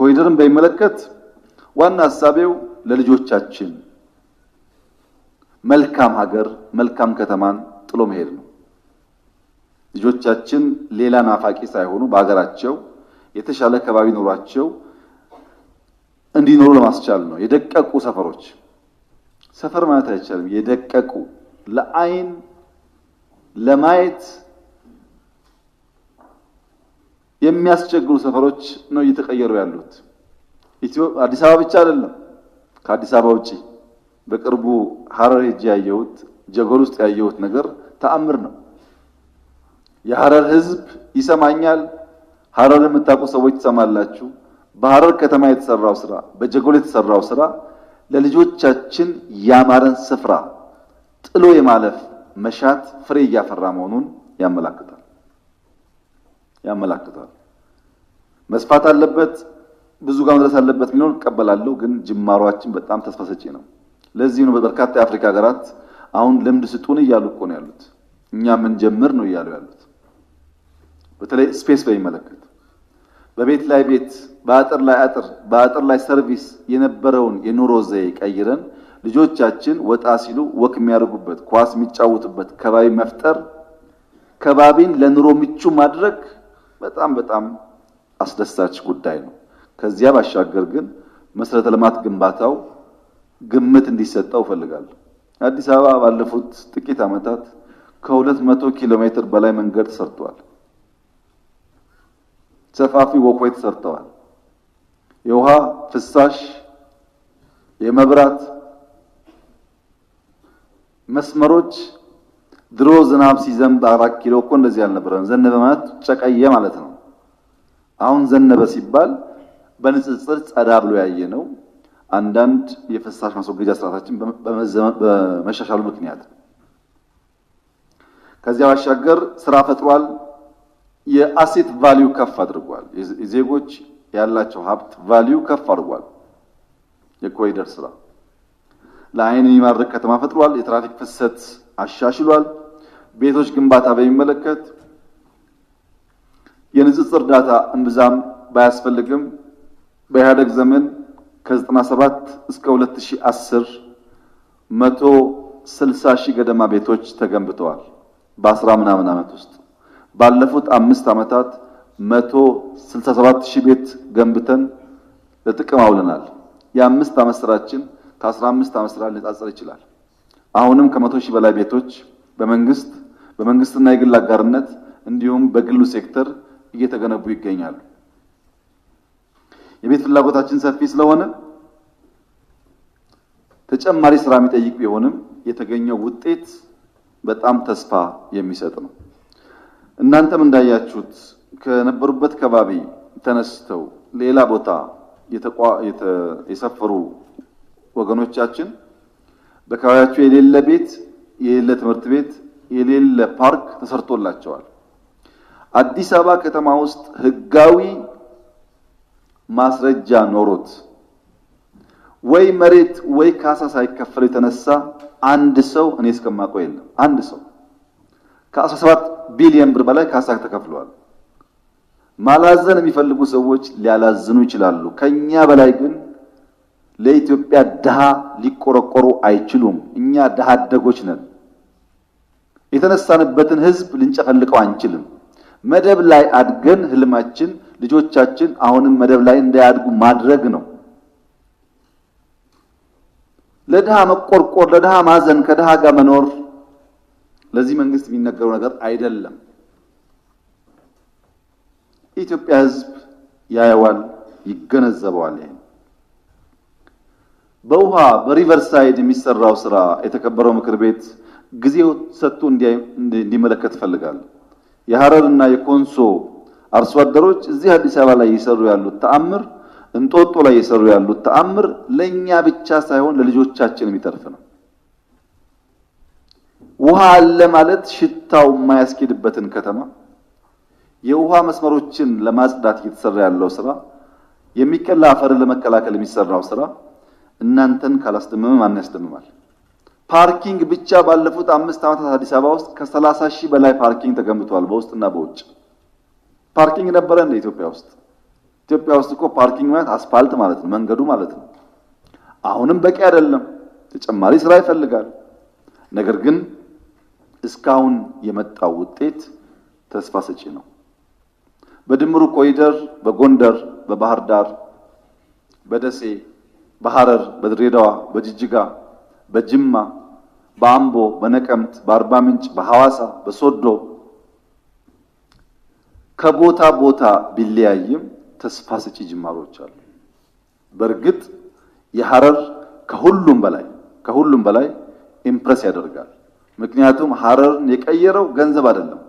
ኮሪደርን በሚመለከት ዋና ሀሳቤው ለልጆቻችን መልካም ሀገር መልካም ከተማን ጥሎ መሄድ ነው። ልጆቻችን ሌላ ናፋቂ ሳይሆኑ በሀገራቸው የተሻለ ከባቢ ኖሯቸው እንዲኖሩ ለማስቻል ነው። የደቀቁ ሰፈሮች ሰፈር ማለት አይቻልም። የደቀቁ ለአይን ለማየት የሚያስቸግሩ ሰፈሮች ነው እየተቀየሩ ያሉት። አዲስ አበባ ብቻ አይደለም። ከአዲስ አበባ ውጪ በቅርቡ ሀረር ሄጄ ያየሁት ጀጎል ውስጥ ያየሁት ነገር ተአምር ነው። የሀረር ህዝብ ይሰማኛል። ሀረር የምታውቁ ሰዎች ትሰማላችሁ። በሀረር ከተማ የተሰራው ስራ፣ በጀጎል የተሰራው ስራ ለልጆቻችን ያማረን ስፍራ ጥሎ የማለፍ መሻት ፍሬ እያፈራ መሆኑን ያመላክታል ያመላክታል። መስፋት አለበት፣ ብዙ ጋር መድረስ አለበት ቢሆን እቀበላለሁ። ግን ጅማሯችን በጣም ተስፋ ሰጪ ነው። ለዚህ ነው በርካታ የአፍሪካ ሀገራት አሁን ልምድ ስጡን እያሉ እኮ ነው ያሉት። እኛ ምን ጀምር ነው እያሉ ያሉት። በተለይ ስፔስ በሚመለከት በቤት ላይ ቤት፣ በአጥር ላይ አጥር፣ በአጥር ላይ ሰርቪስ የነበረውን የኑሮ ዘዬ ቀይረን ልጆቻችን ወጣ ሲሉ ወክ የሚያደርጉበት ኳስ የሚጫወቱበት ከባቢ መፍጠር፣ ከባቢን ለኑሮ ምቹ ማድረግ በጣም በጣም አስደሳች ጉዳይ ነው። ከዚያ ባሻገር ግን መሰረተ ልማት ግንባታው ግምት እንዲሰጠው እፈልጋለሁ። አዲስ አበባ ባለፉት ጥቂት ዓመታት ከ200 ኪሎ ሜትር በላይ መንገድ ተሰርተዋል። ሰፋፊ ወክዌይ ተሰርተዋል። የውሃ ፍሳሽ፣ የመብራት መስመሮች ድሮ ዝናብ ሲዘንብ አራት ኪሎ እኮ እንደዚህ አልነበረም። ዘነበ ማለት ጨቀየ ማለት ነው። አሁን ዘነበ ሲባል በንጽጽር ጸዳ ብሎ ያየ ነው። አንዳንድ የፍሳሽ ማስወገጃ ስርዓታችን በመሻሻሉ ምክንያት ከዚያ ባሻገር ስራ ፈጥሯል። የአሴት ቫሊዩ ከፍ አድርጓል። የዜጎች ያላቸው ሀብት ቫሊዩ ከፍ አድርጓል። የኮሪደር ስራ ለአይን የሚማርክ ከተማ ፈጥሯል። የትራፊክ ፍሰት አሻሽሏል። ቤቶች ግንባታ በሚመለከት የንጽጽ እርዳታ እምብዛም ባያስፈልግም በኢህአደግ ዘመን ከ97 እስከ 2010 160 60 ሺህ ገደማ ቤቶች ተገንብተዋል። በ በ10 ምናምን ዓመት ውስጥ ባለፉት አምስት ዓመታት 167 ሺህ ቤት ገንብተን ለጥቅም አውለናል። የአምስት ዓመት ስራችን ከ15 ዓመት ስራ ሊነጻጸር ይችላል። አሁንም ከመቶ ሺህ በላይ ቤቶች በመንግስት በመንግስትና የግል አጋርነት እንዲሁም በግሉ ሴክተር እየተገነቡ ይገኛሉ። የቤት ፍላጎታችን ሰፊ ስለሆነ ተጨማሪ ስራ የሚጠይቅ ቢሆንም የተገኘው ውጤት በጣም ተስፋ የሚሰጥ ነው። እናንተም እንዳያችሁት ከነበሩበት ከባቢ ተነስተው ሌላ ቦታ የሰፈሩ ወገኖቻችን በአካባቢያቸው የሌለ ቤት፣ የሌለ ትምህርት ቤት፣ የሌለ ፓርክ ተሰርቶላቸዋል። አዲስ አበባ ከተማ ውስጥ ህጋዊ ማስረጃ ኖሮት ወይ መሬት ወይ ካሳ ሳይከፈል የተነሳ አንድ ሰው እኔ እስከማውቀው የለም። አንድ ሰው ከ17 ቢሊዮን ብር በላይ ካሳ ተከፍሏል። ማላዘን የሚፈልጉ ሰዎች ሊያላዝኑ ይችላሉ። ከኛ በላይ ግን ለኢትዮጵያ ድሃ ሊቆረቆሩ አይችሉም። እኛ ድሃ አደጎች ነን። የተነሳንበትን ህዝብ ልንጨፈልቀው አንችልም። መደብ ላይ አድገን ህልማችን ልጆቻችን አሁንም መደብ ላይ እንዳያድጉ ማድረግ ነው። ለድሃ መቆርቆር፣ ለድሃ ማዘን፣ ከድሃ ጋር መኖር ለዚህ መንግስት የሚነገረው ነገር አይደለም። የኢትዮጵያ ህዝብ ያየዋል፣ ይገነዘበዋል። ይሄ በውሃ በሪቨር ሳይድ የሚሰራው ስራ የተከበረው ምክር ቤት ጊዜው ሰጥቶ እንዲመለከት እፈልጋለሁ። የሐረርና የኮንሶ አርሶ አደሮች እዚህ አዲስ አበባ ላይ እየሰሩ ያሉት ተአምር፣ እንጦጦ ላይ እየሰሩ ያሉት ተአምር ለኛ ብቻ ሳይሆን ለልጆቻችንም ይተርፍ ነው። ውሃ አለ ማለት ሽታው የማያስኬድበትን ከተማ የውሃ መስመሮችን ለማጽዳት እየተሰራ ያለው ስራ፣ የሚቀላ አፈርን ለመከላከል የሚሰራው ስራ እናንተን ካላስደመመ ማን ያስደምማል? ፓርኪንግ ብቻ ባለፉት አምስት ዓመታት አዲስ አበባ ውስጥ ከሰላሳ ሺህ በላይ ፓርኪንግ ተገንብቷል፣ በውስጥና በውጭ ፓርኪንግ ነበረ እንደ ኢትዮጵያ ውስጥ። ኢትዮጵያ ውስጥ እኮ ፓርኪንግ ማለት አስፋልት ማለት ነው፣ መንገዱ ማለት ነው። አሁንም በቂ አይደለም፣ ተጨማሪ ስራ ይፈልጋል። ነገር ግን እስካሁን የመጣው ውጤት ተስፋ ሰጪ ነው። በድምሩ ኮሪደር በጎንደር፣ በባህር ዳር፣ በደሴ፣ በሐረር፣ በድሬዳዋ፣ በጅጅጋ፣ በጅማ በአምቦ፣ በነቀምት፣ በአርባ ምንጭ፣ በሐዋሳ፣ በሶዶ ከቦታ ቦታ ቢለያይም ተስፋ ሰጪ ጅማሮች አሉ። በእርግጥ የሐረር ከሁሉም በላይ ከሁሉም በላይ ኢምፕረስ ያደርጋል። ምክንያቱም ሐረርን የቀየረው ገንዘብ አይደለም።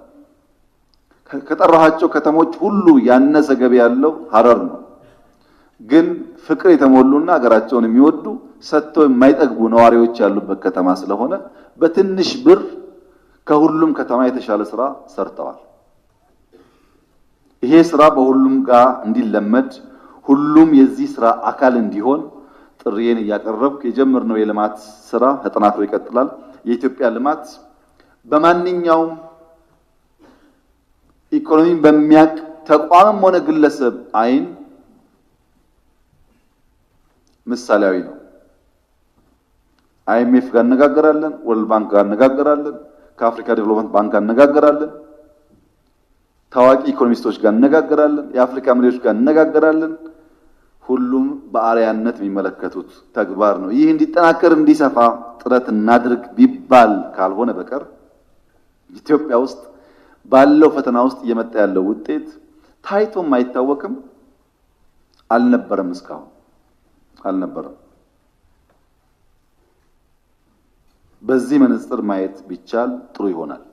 ከጠራኋቸው ከተሞች ሁሉ ያነሰ ገቢ ያለው ሐረር ነው። ግን ፍቅር የተሞሉና ሀገራቸውን የሚወዱ ሰጥተው የማይጠግቡ ነዋሪዎች ያሉበት ከተማ ስለሆነ በትንሽ ብር ከሁሉም ከተማ የተሻለ ስራ ሰርተዋል። ይሄ ስራ በሁሉም ጋር እንዲለመድ ሁሉም የዚህ ስራ አካል እንዲሆን ጥሪዬን እያቀረብኩ የጀመርነው የልማት ስራ ተጠናክሮ ይቀጥላል። የኢትዮጵያ ልማት በማንኛውም ኢኮኖሚን በሚያቅ ተቋምም ሆነ ግለሰብ አይን ምሳሌያዊ ነው። አይኤምኤፍ ጋር እነጋገራለን፣ ወርልድ ባንክ ጋር እነጋገራለን፣ ከአፍሪካ ዴቨሎፕመንት ባንክ ጋር እነጋገራለን፣ ታዋቂ ኢኮኖሚስቶች ጋር እነጋገራለን፣ የአፍሪካ መሪዎች ጋር እነጋገራለን። ሁሉም በአርያነት የሚመለከቱት ተግባር ነው። ይህ እንዲጠናከር እንዲሰፋ ጥረት እናድርግ ቢባል ካልሆነ በቀር ኢትዮጵያ ውስጥ ባለው ፈተና ውስጥ እየመጣ ያለው ውጤት ታይቶም አይታወቅም። አልነበረም፣ እስካሁን አልነበረም። በዚህ መነጽር ማየት ቢቻል ጥሩ ይሆናል።